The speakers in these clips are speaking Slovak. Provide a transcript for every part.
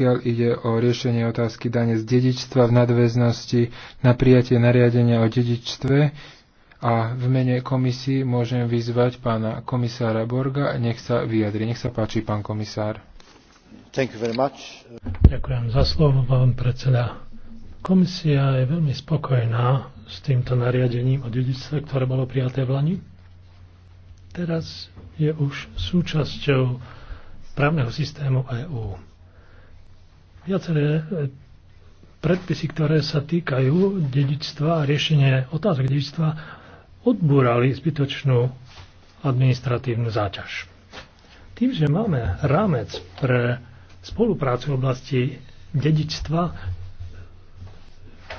pokiaľ ide o riešenie otázky dane z dedičstva v nadväznosti na prijatie nariadenia o dedičstve. A v mene komisii môžem vyzvať pána komisára Borga, nech sa vyjadri. Nech sa páči, pán komisár. Thank you very much. Ďakujem za slovo, pán predseda. Komisia je veľmi spokojná s týmto nariadením o dedičstve, ktoré bolo prijaté v Lani. Teraz je už súčasťou právneho systému EÚ viaceré e, predpisy, ktoré sa týkajú dedičstva a riešenie otázok dedičstva, odbúrali zbytočnú administratívnu záťaž. Tým, že máme rámec pre spoluprácu v oblasti dedičstva,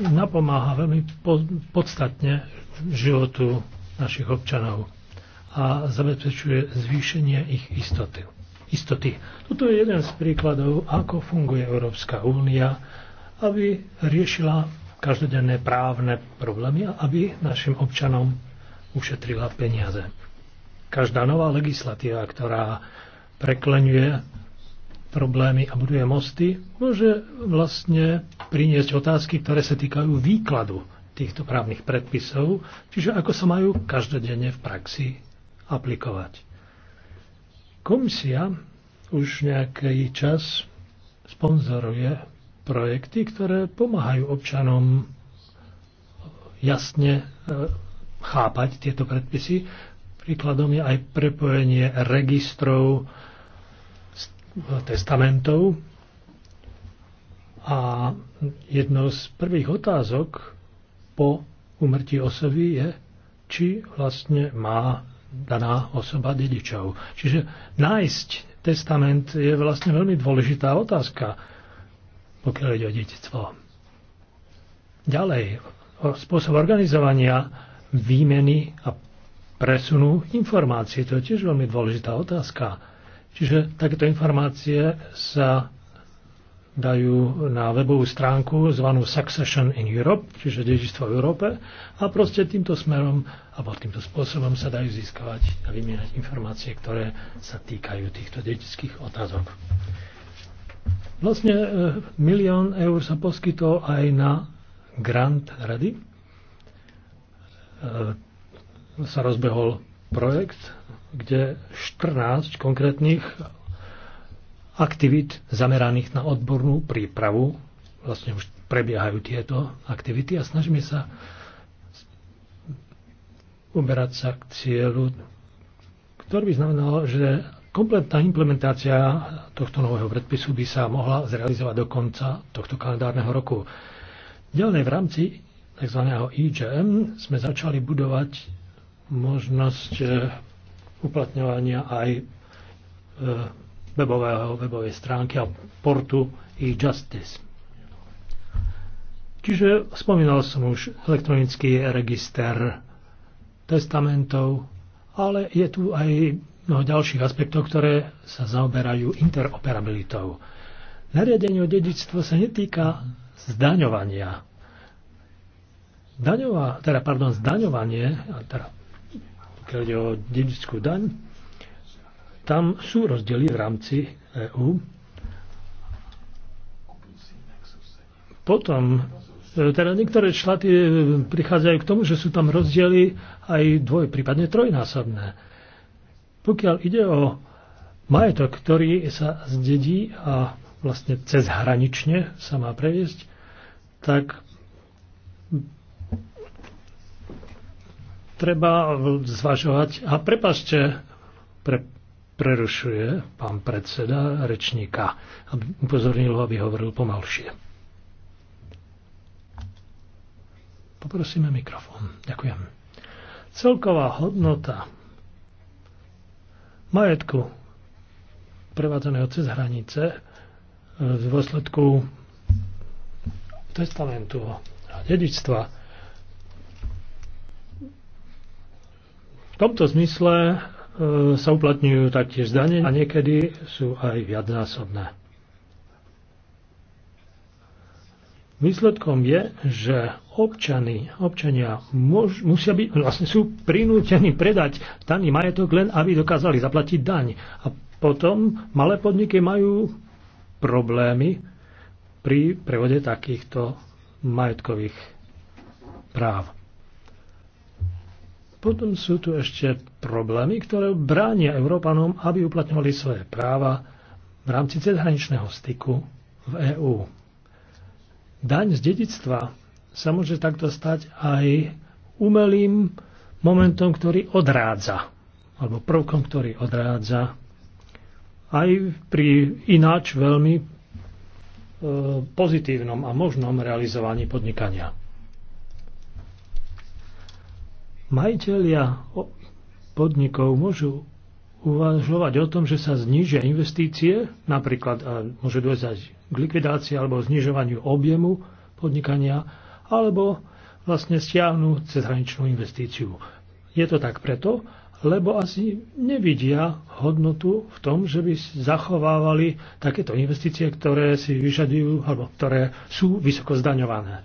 napomáha veľmi podstatne životu našich občanov a zabezpečuje zvýšenie ich istoty istoty. Toto je jeden z príkladov, ako funguje Európska únia, aby riešila každodenné právne problémy a aby našim občanom ušetrila peniaze. Každá nová legislatíva, ktorá preklenuje problémy a buduje mosty, môže vlastne priniesť otázky, ktoré sa týkajú výkladu týchto právnych predpisov, čiže ako sa majú každodenne v praxi aplikovať. Komisia už nejaký čas sponzoruje projekty, ktoré pomáhajú občanom jasne e, chápať tieto predpisy. Príkladom je aj prepojenie registrov e, testamentov. A jednou z prvých otázok po umrtí osoby je, či vlastne má daná osoba dedičov. Čiže nájsť testament je vlastne veľmi dôležitá otázka, pokiaľ ide o detectvo. Ďalej, o spôsob organizovania výmeny a presunu informácií. To je tiež veľmi dôležitá otázka. Čiže takéto informácie sa dajú na webovú stránku zvanú Succession in Europe, čiže dedičstvo v Európe a proste týmto smerom alebo týmto spôsobom sa dajú získavať a vymieňať informácie, ktoré sa týkajú týchto dedičských otázok. Vlastne eh, milión eur sa poskytol aj na grant rady. Eh, sa rozbehol projekt, kde 14 konkrétnych aktivít zameraných na odbornú prípravu. Vlastne už prebiehajú tieto aktivity a snažíme sa uberať sa k cieľu, ktorý by znamenal, že kompletná implementácia tohto nového predpisu by sa mohla zrealizovať do konca tohto kalendárneho roku. Ďalej v rámci tzv. IGM e sme začali budovať možnosť eh, uplatňovania aj eh, webového, webovej stránky a portu e-justice. Čiže spomínal som už elektronický register testamentov, ale je tu aj mnoho ďalších aspektov, ktoré sa zaoberajú interoperabilitou. Nariadenie o dedičstvo sa netýka zdaňovania. Daňová, teda, pardon, zdaňovanie, teda, keď je o dedičskú daň, tam sú rozdiely v rámci EÚ. Potom, e, teda niektoré štáty e, prichádzajú k tomu, že sú tam rozdiely aj dvoj, prípadne trojnásobné. Pokiaľ ide o majetok, ktorý sa zdedí a vlastne cez hranične sa má prejsť, tak treba zvažovať. A prepašte, pre, prerušuje pán predseda rečníka. Upozornil ho, aby hovoril pomalšie. Poprosíme mikrofón. Ďakujem. Celková hodnota majetku prevádzaného cez hranice v dôsledku testamentu a dedičstva v tomto zmysle E, sa uplatňujú taktiež zdanie a niekedy sú aj viacnásobné. Výsledkom je, že občany, občania môž, musia byť, vlastne sú prinútení predať daný majetok len, aby dokázali zaplatiť daň. A potom malé podniky majú problémy pri prevode takýchto majetkových práv. Potom sú tu ešte problémy, ktoré bránia Európanom, aby uplatňovali svoje práva v rámci cezhraničného styku v EÚ. Daň z dedictva sa môže takto stať aj umelým momentom, ktorý odrádza, alebo prvkom, ktorý odrádza aj pri ináč veľmi e, pozitívnom a možnom realizovaní podnikania. Majiteľia podnikov môžu uvažovať o tom, že sa znižia investície, napríklad môže dôjsť k likvidácii alebo znižovaniu objemu podnikania, alebo vlastne stiahnu cezhraničnú investíciu. Je to tak preto, lebo asi nevidia hodnotu v tom, že by zachovávali takéto investície, ktoré si vyžadujú, alebo ktoré sú vysoko zdaňované.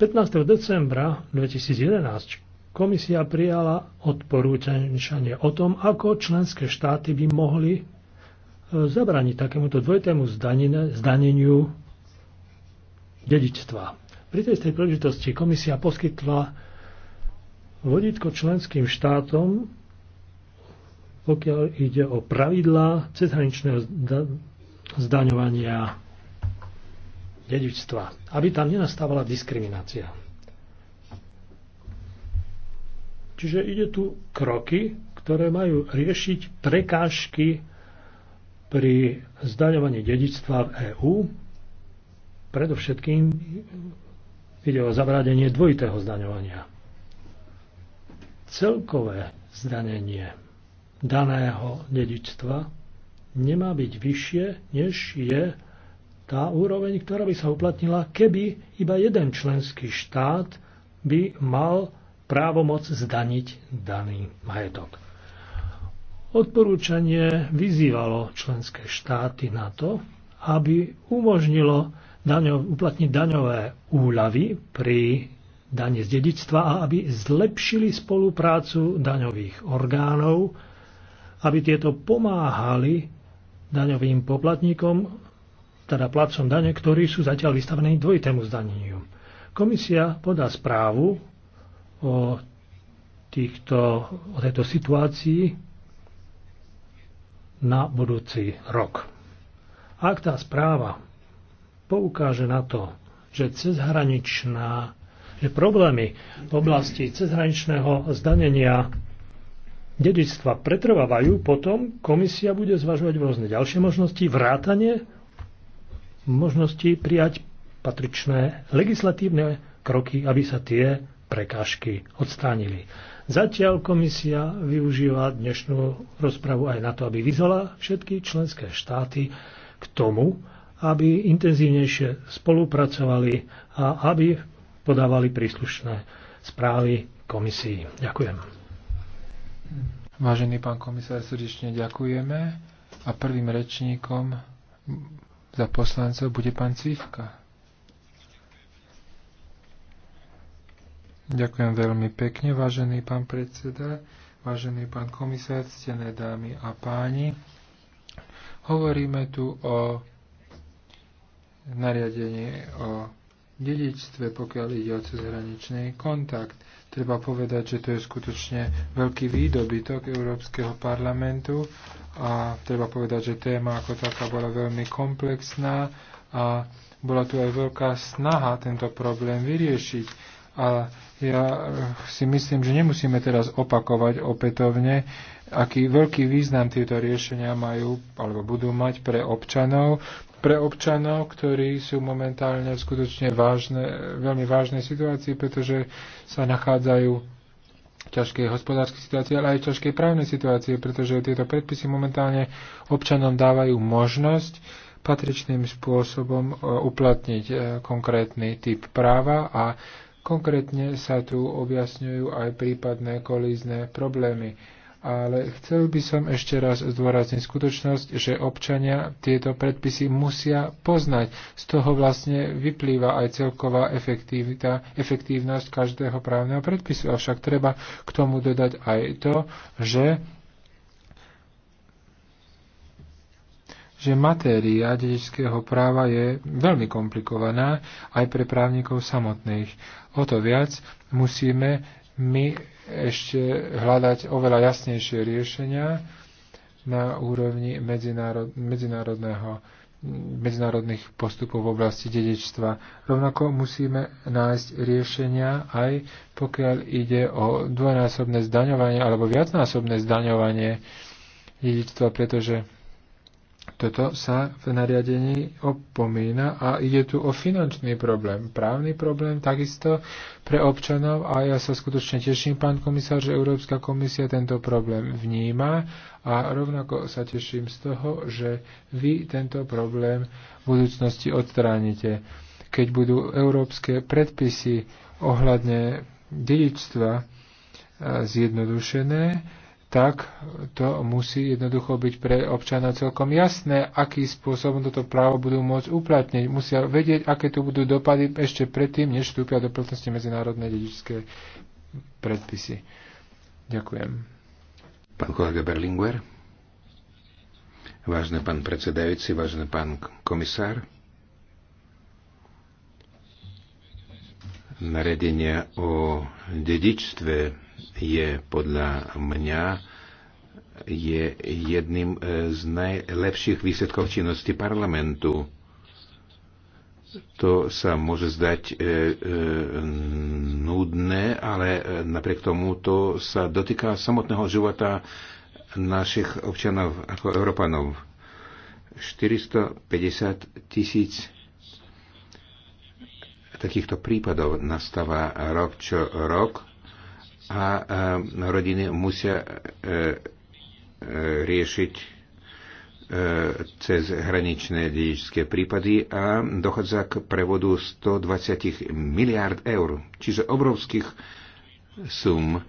15. decembra 2011 komisia prijala odporúčanie o tom, ako členské štáty by mohli e, zabraniť takémuto dvojitému zdaneniu dedičstva. Pri tej tej príležitosti komisia poskytla vodítko členským štátom, pokiaľ ide o pravidlá cezhraničného zdaňovania dedičstva, aby tam nenastávala diskriminácia. Čiže ide tu kroky, ktoré majú riešiť prekážky pri zdaňovaní dedičstva v EÚ. Predovšetkým ide o zavrádenie dvojitého zdaňovania. Celkové zdanenie daného dedičstva nemá byť vyššie, než je tá úroveň, ktorá by sa uplatnila, keby iba jeden členský štát by mal právomoc zdaniť daný majetok. Odporúčanie vyzývalo členské štáty na to, aby umožnilo daňov, uplatniť daňové úľavy pri dane z dedictva a aby zlepšili spoluprácu daňových orgánov, aby tieto pomáhali daňovým poplatníkom teda placom dane, ktorí sú zatiaľ vystavení dvojitému zdaneniu. Komisia podá správu o, týchto, o tejto situácii na budúci rok. Ak tá správa poukáže na to, že cezhraničná, že problémy v oblasti cezhraničného zdanenia dedičstva pretrvávajú, potom komisia bude zvažovať rôzne ďalšie možnosti vrátanie možnosti prijať patričné legislatívne kroky, aby sa tie prekážky odstránili. Zatiaľ komisia využíva dnešnú rozpravu aj na to, aby vyzvala všetky členské štáty k tomu, aby intenzívnejšie spolupracovali a aby podávali príslušné správy komisii. Ďakujem. Vážený pán komisár, srdečne ďakujeme. A prvým rečníkom za poslancov bude pán Cvivka. Ďakujem veľmi pekne, vážený pán predseda, vážený pán komisár, ctené dámy a páni. Hovoríme tu o nariadení o dedičstve, pokiaľ ide o cezhraničný kontakt. Treba povedať, že to je skutočne veľký výdobytok Európskeho parlamentu a treba povedať, že téma ako taká bola veľmi komplexná a bola tu aj veľká snaha tento problém vyriešiť. A ja si myslím, že nemusíme teraz opakovať opätovne, aký veľký význam tieto riešenia majú alebo budú mať pre občanov, pre občanov, ktorí sú momentálne v skutočne vážne, veľmi vážnej situácii, pretože sa nachádzajú v ťažkej hospodárskej situácii, ale aj v ťažkej právnej situácii, pretože tieto predpisy momentálne občanom dávajú možnosť patričným spôsobom e, uplatniť e, konkrétny typ práva a konkrétne sa tu objasňujú aj prípadné kolízne problémy ale chcel by som ešte raz zdôrazniť skutočnosť, že občania tieto predpisy musia poznať. Z toho vlastne vyplýva aj celková efektívnosť každého právneho predpisu. Avšak treba k tomu dodať aj to, že že matéria dedičského práva je veľmi komplikovaná aj pre právnikov samotných. O to viac musíme my ešte hľadať oveľa jasnejšie riešenia na úrovni medzinárod, medzinárodného medzinárodných postupov v oblasti dedičstva. Rovnako musíme nájsť riešenia aj pokiaľ ide o dvojnásobné zdaňovanie alebo viacnásobné zdaňovanie dedičstva, pretože toto sa v nariadení opomína a ide tu o finančný problém, právny problém takisto pre občanov a ja sa skutočne teším, pán komisár, že Európska komisia tento problém vníma a rovnako sa teším z toho, že vy tento problém v budúcnosti odstránite. Keď budú európske predpisy ohľadne dedičstva e, zjednodušené, tak to musí jednoducho byť pre občana celkom jasné, aký spôsob toto právo budú môcť uplatniť. Musia vedieť, aké tu budú dopady ešte predtým, než vstúpia do platnosti medzinárodné dedičské predpisy. Ďakujem. Pán kolega Berlinguer. Vážne pán predsedajúci, vážne pán komisár. Naredenia o dedičstve je podľa mňa je jedným e, z najlepších výsledkov činnosti parlamentu. To sa môže zdať e, e, nudné, ale e, napriek tomu to sa dotýka samotného života našich občanov ako Európanov. 450 tisíc takýchto prípadov nastáva rok čo rok a e, rodiny musia e, e, riešiť cez hraničné dedičské prípady a dochádza k prevodu 120 miliard eur, čiže obrovských sum.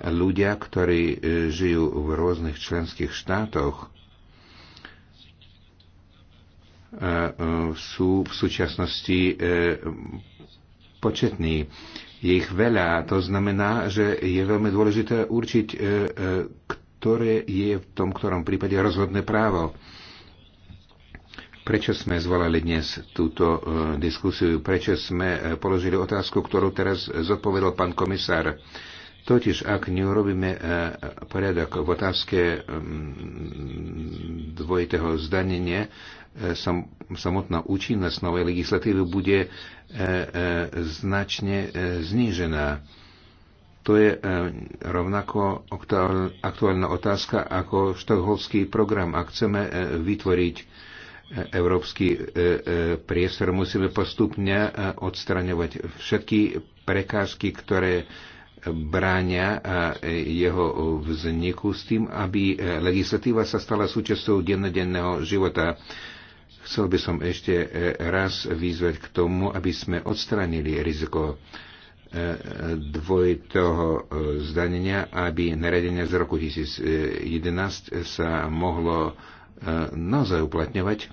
Ľudia, ktorí žijú v rôznych členských štátoch, sú v súčasnosti početní. Je ich veľa. To znamená, že je veľmi dôležité určiť, e, e, ktoré je v tom ktorom prípade rozhodné právo. Prečo sme zvolali dnes túto e, diskusiu? Prečo sme položili otázku, ktorú teraz zodpovedal pán komisár? Totiž, ak neurobíme poriadok v otázke mm, dvojitého zdanenia, E, sam, samotná účinnosť novej legislatívy bude e, e, značne znížená. To je rovnako aktuálna otázka ako štokholmský program. Ak chceme vytvoriť európsky priestor, musíme postupne odstraňovať všetky prekážky, ktoré bráňa jeho vzniku s tým, aby legislatíva sa stala súčasťou dennodenného života. Chcel by som ešte e, raz vyzvať k tomu, aby sme odstranili riziko e, dvojitého e, zdanenia, aby naredenie z roku 2011 sa mohlo naozaj uplatňovať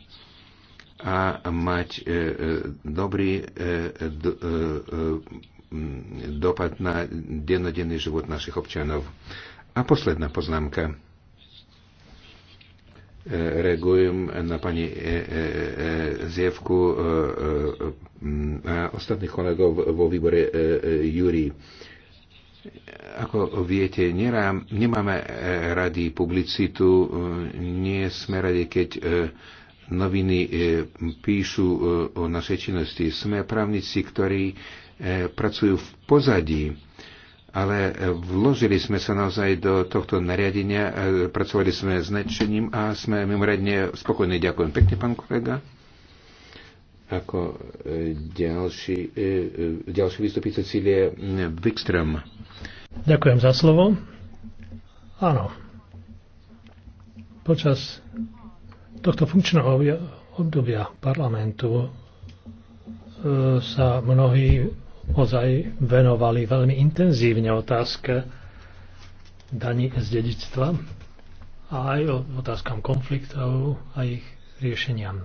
a mať dobrý dopad na dennodenný život našich občanov. A posledná poznámka reagujem na pani e, e, e, Zjevku a ostatných kolegov vo výbore Júri. Ako viete, nemáme radi publicitu, nie sme radi, keď noviny píšu o našej činnosti. Sme právnici, ktorí pracujú v pozadí ale vložili sme sa naozaj do tohto nariadenia, e, pracovali sme s nadšením a sme mimoriadne spokojní. Ďakujem pekne, pán kolega. Ako e, ďalší, e, ďalší vystupí Cecílie Wikström. Ďakujem za slovo. Áno. Počas tohto funkčného obdobia parlamentu sa mnohí ozaj venovali veľmi intenzívne otázke daní z dedictva a aj otázkam konfliktov a ich riešeniam.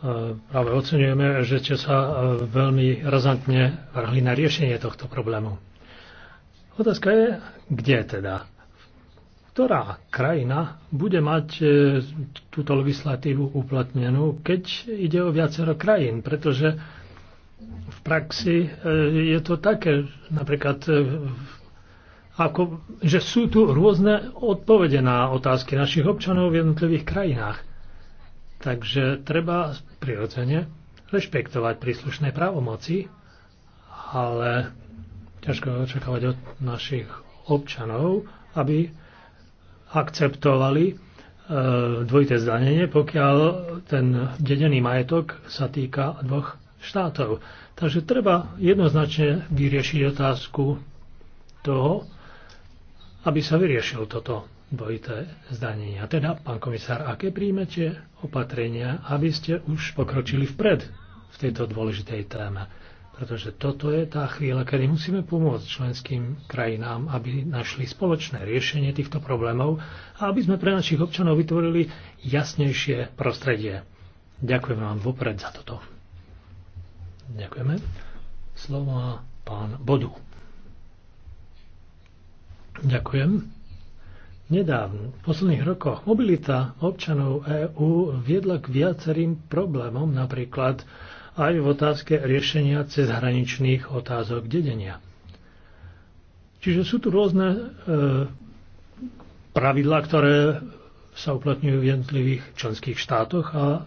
E, práve oceňujeme, že ste sa e, veľmi razantne vrhli na riešenie tohto problému. Otázka je, kde teda? Ktorá krajina bude mať e, túto legislatívu uplatnenú, keď ide o viacero krajín? Pretože v praxi e, je to také, napríklad, e, ako, že sú tu rôzne odpovede na otázky našich občanov v jednotlivých krajinách. Takže treba prirodzene rešpektovať príslušné právomoci, ale ťažko očakávať od našich občanov, aby akceptovali e, dvojité zdanenie, pokiaľ ten dedený majetok sa týka dvoch štátov. Takže treba jednoznačne vyriešiť otázku toho, aby sa vyriešil toto dvojité zdanenie. A teda, pán komisár, aké príjmete opatrenia, aby ste už pokročili vpred v tejto dôležitej téme? Pretože toto je tá chvíľa, kedy musíme pomôcť členským krajinám, aby našli spoločné riešenie týchto problémov a aby sme pre našich občanov vytvorili jasnejšie prostredie. Ďakujem vám vopred za toto. Ďakujeme. Slovo má pán Bodu. Ďakujem. Nedávno, v posledných rokoch, mobilita občanov EÚ viedla k viacerým problémom, napríklad aj v otázke riešenia cezhraničných otázok dedenia. Čiže sú tu rôzne e, pravidlá, ktoré sa uplatňujú v jednotlivých členských štátoch a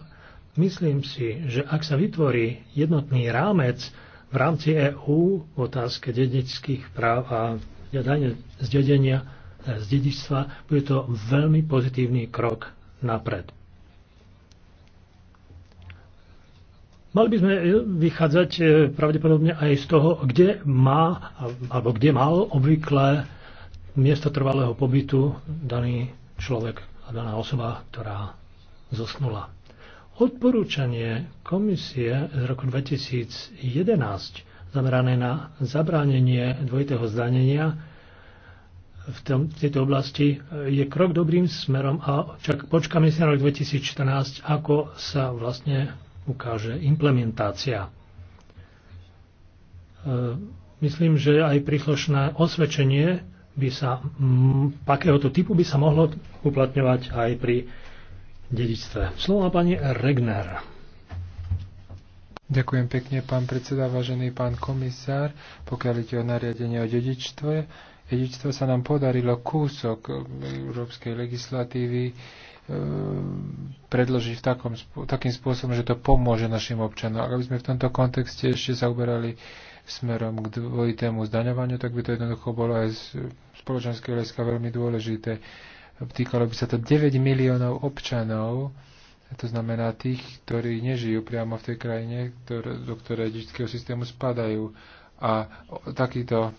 Myslím si, že ak sa vytvorí jednotný rámec v rámci EÚ v otázke dedičských práv a dane z dedenia, e, z dedičstva, bude to veľmi pozitívny krok napred. Mali by sme e, vychádzať e, pravdepodobne aj z toho, kde má, alebo kde mal obvykle miesto trvalého pobytu daný človek a daná osoba, ktorá zosnula. Odporúčanie komisie z roku 2011 zamerané na zabránenie dvojitého zdanenia v tom, tejto oblasti je krok dobrým smerom a čak, počkáme si na rok 2014, ako sa vlastne ukáže implementácia. E, myslím, že aj príslušné osvedčenie by sa, takéhoto typu by sa mohlo uplatňovať aj pri dedičstve. Slovo pani Regner. Ďakujem pekne, pán predseda, vážený pán komisár. Pokiaľ ide o nariadenie o dedičstve, dedičstvo sa nám podarilo kúsok európskej legislatívy e, predložiť v takom, takým spôsobom, že to pomôže našim občanom. Ak by sme v tomto kontexte ešte sa uberali smerom k dvojitému zdaňovaniu, tak by to jednoducho bolo aj z spoločenského hľadiska veľmi dôležité týkalo by sa to 9 miliónov občanov, to znamená tých, ktorí nežijú priamo v tej krajine, ktoré, do ktorej dedičského systému spadajú. A takíto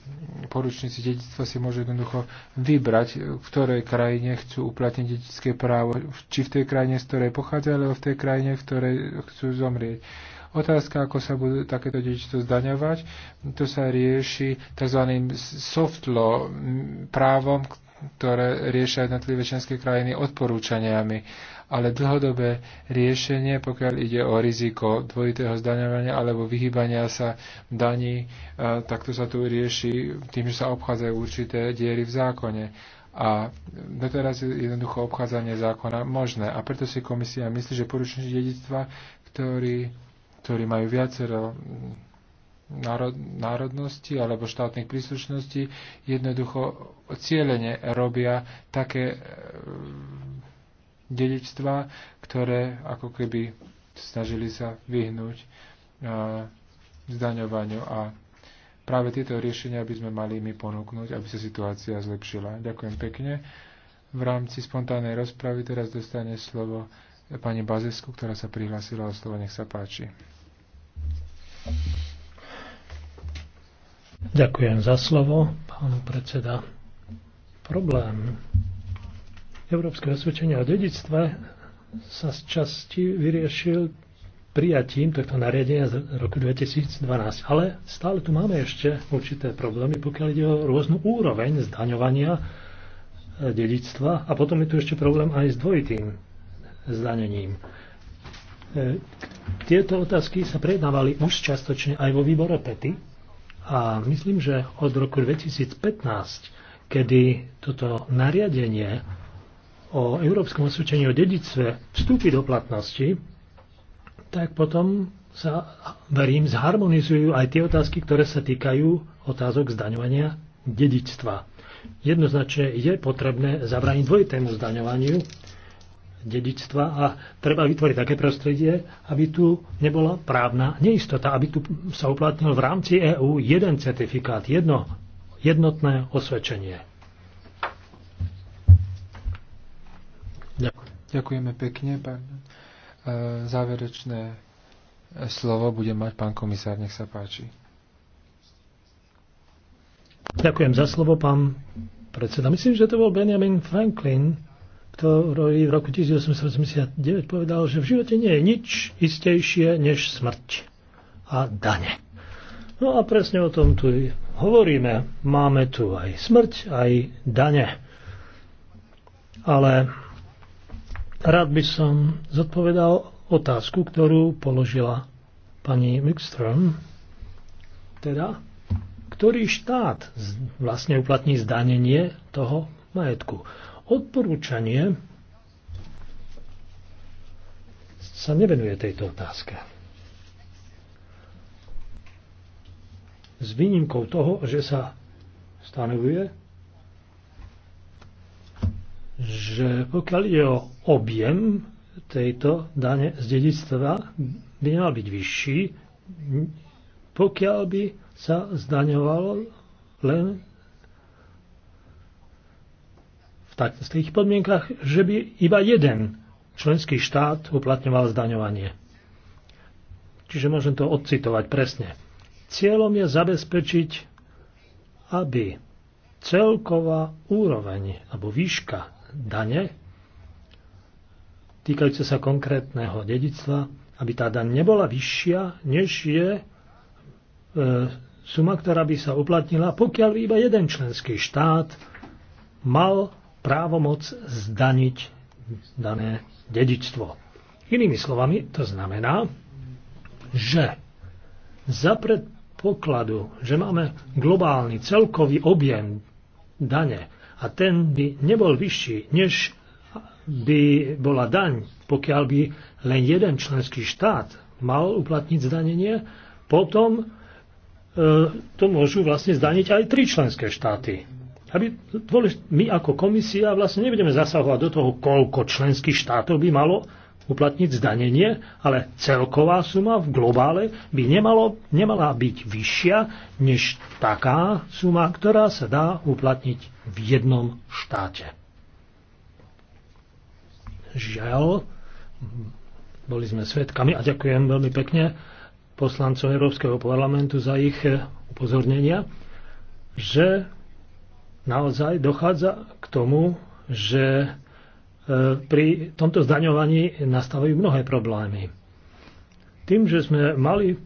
poručníci dedičstva si môžu jednoducho vybrať, v ktorej krajine chcú uplatniť dedičské právo, či v tej krajine, z ktorej pochádza, alebo v tej krajine, v ktorej chcú zomrieť. Otázka, ako sa budú takéto dedičstvo zdaňovať, to sa rieši tzv. soft law právom, ktoré riešia jednotlivé členské krajiny odporúčaniami. Ale dlhodobé riešenie, pokiaľ ide o riziko dvojitého zdaňovania alebo vyhýbania sa daní, e, takto sa tu rieši tým, že sa obchádzajú určité diery v zákone. A doteraz je jednoducho obchádzanie zákona možné. A preto si komisia myslí, že poručníci dedictva, ktorí, ktorí majú viacero národnosti alebo štátnych príslušností jednoducho cieľene robia také e, dedičstva, ktoré ako keby snažili sa vyhnúť e, zdaňovaniu a práve tieto riešenia by sme mali my ponúknuť, aby sa situácia zlepšila. Ďakujem pekne. V rámci spontánnej rozpravy teraz dostane slovo pani Bazesku, ktorá sa prihlásila o slovo. Nech sa páči. Ďakujem za slovo, pán predseda. Problém Európskeho osvedčenia o dedictve sa z časti vyriešil prijatím tohto nariadenia z roku 2012. Ale stále tu máme ešte určité problémy, pokiaľ ide o rôznu úroveň zdaňovania e, dedictva a potom je tu ešte problém aj s dvojitým zdanením. E, tieto otázky sa prednávali už častočne aj vo výbore PETY, a myslím, že od roku 2015, kedy toto nariadenie o Európskom osvedčení o dedictve vstúpi do platnosti, tak potom sa, verím, zharmonizujú aj tie otázky, ktoré sa týkajú otázok zdaňovania dedičstva. Jednoznačne je potrebné zabrániť dvojitému zdaňovaniu dedičstva a treba vytvoriť také prostredie, aby tu nebola právna neistota, aby tu sa uplatnil v rámci EÚ jeden certifikát, jedno, jednotné osvedčenie. Ďakujem. Ďakujeme pekne. E, záverečné slovo bude mať pán komisár, nech sa páči. Ďakujem za slovo, pán predseda. Myslím, že to bol Benjamin Franklin, ktorý v roku 1889 povedal, že v živote nie je nič istejšie než smrť a dane. No a presne o tom tu hovoríme. Máme tu aj smrť, aj dane. Ale rád by som zodpovedal otázku, ktorú položila pani Mikström. Teda, ktorý štát vlastne uplatní zdanenie toho majetku? odporúčanie sa nevenuje tejto otázke. S výnimkou toho, že sa stanovuje, že pokiaľ je o objem tejto dane z dedictva, by nemal byť vyšší, pokiaľ by sa zdaňovalo len v tých podmienkach, že by iba jeden členský štát uplatňoval zdaňovanie. Čiže môžem to odcitovať presne. Cieľom je zabezpečiť, aby celková úroveň alebo výška dane týkajúce sa konkrétneho dedictva, aby tá daň nebola vyššia, než je e, suma, ktorá by sa uplatnila, pokiaľ by iba jeden členský štát mal právomoc zdaniť dané dedičstvo. Inými slovami, to znamená, že za predpokladu, že máme globálny celkový objem dane a ten by nebol vyšší, než by bola daň, pokiaľ by len jeden členský štát mal uplatniť zdanenie, potom e, to môžu vlastne zdaniť aj tri členské štáty aby my ako komisia vlastne nebudeme zasahovať do toho, koľko členských štátov by malo uplatniť zdanenie, ale celková suma v globále by nemalo, nemala byť vyššia než taká suma, ktorá sa dá uplatniť v jednom štáte. Žiaľ, boli sme svetkami a ďakujem veľmi pekne poslancov Európskeho parlamentu za ich upozornenia, že naozaj dochádza k tomu, že e, pri tomto zdaňovaní nastávajú mnohé problémy. Tým, že sme mali e,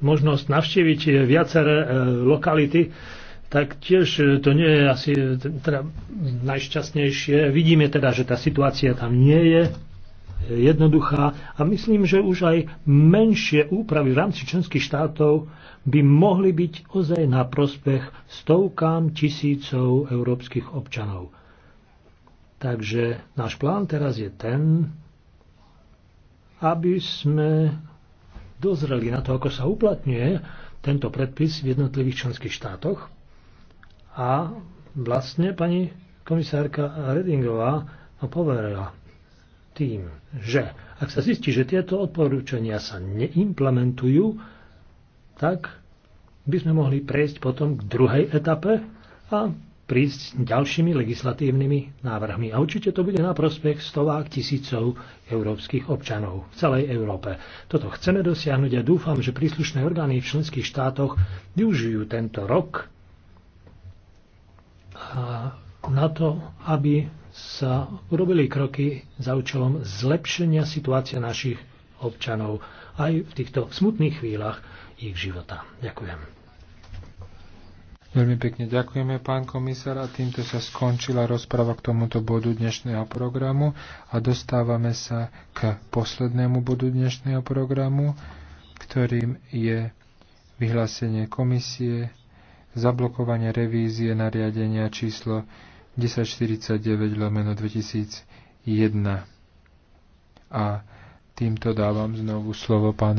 možnosť navštíviť viaceré e, lokality, tak tiež to nie je asi teda najšťastnejšie. Vidíme teda, že tá situácia tam nie je jednoduchá a myslím, že už aj menšie úpravy v rámci členských štátov by mohli byť ozaj na prospech stovkám tisícov európskych občanov. Takže náš plán teraz je ten, aby sme dozreli na to, ako sa uplatňuje tento predpis v jednotlivých členských štátoch. A vlastne pani komisárka Redingová poverila tým, že ak sa zistí, že tieto odporúčania sa neimplementujú, tak by sme mohli prejsť potom k druhej etape a prísť s ďalšími legislatívnymi návrhmi. A určite to bude na prospech stovák tisícov európskych občanov v celej Európe. Toto chceme dosiahnuť a dúfam, že príslušné orgány v členských štátoch využijú tento rok na to, aby sa urobili kroky za účelom zlepšenia situácie našich občanov aj v týchto smutných chvíľach ich života. Ďakujem. Veľmi pekne ďakujeme, pán komisár, a týmto sa skončila rozprava k tomuto bodu dnešného programu a dostávame sa k poslednému bodu dnešného programu, ktorým je vyhlásenie komisie zablokovanie revízie nariadenia číslo 1049 lomeno 2001. A týmto dávam znovu slovo pánu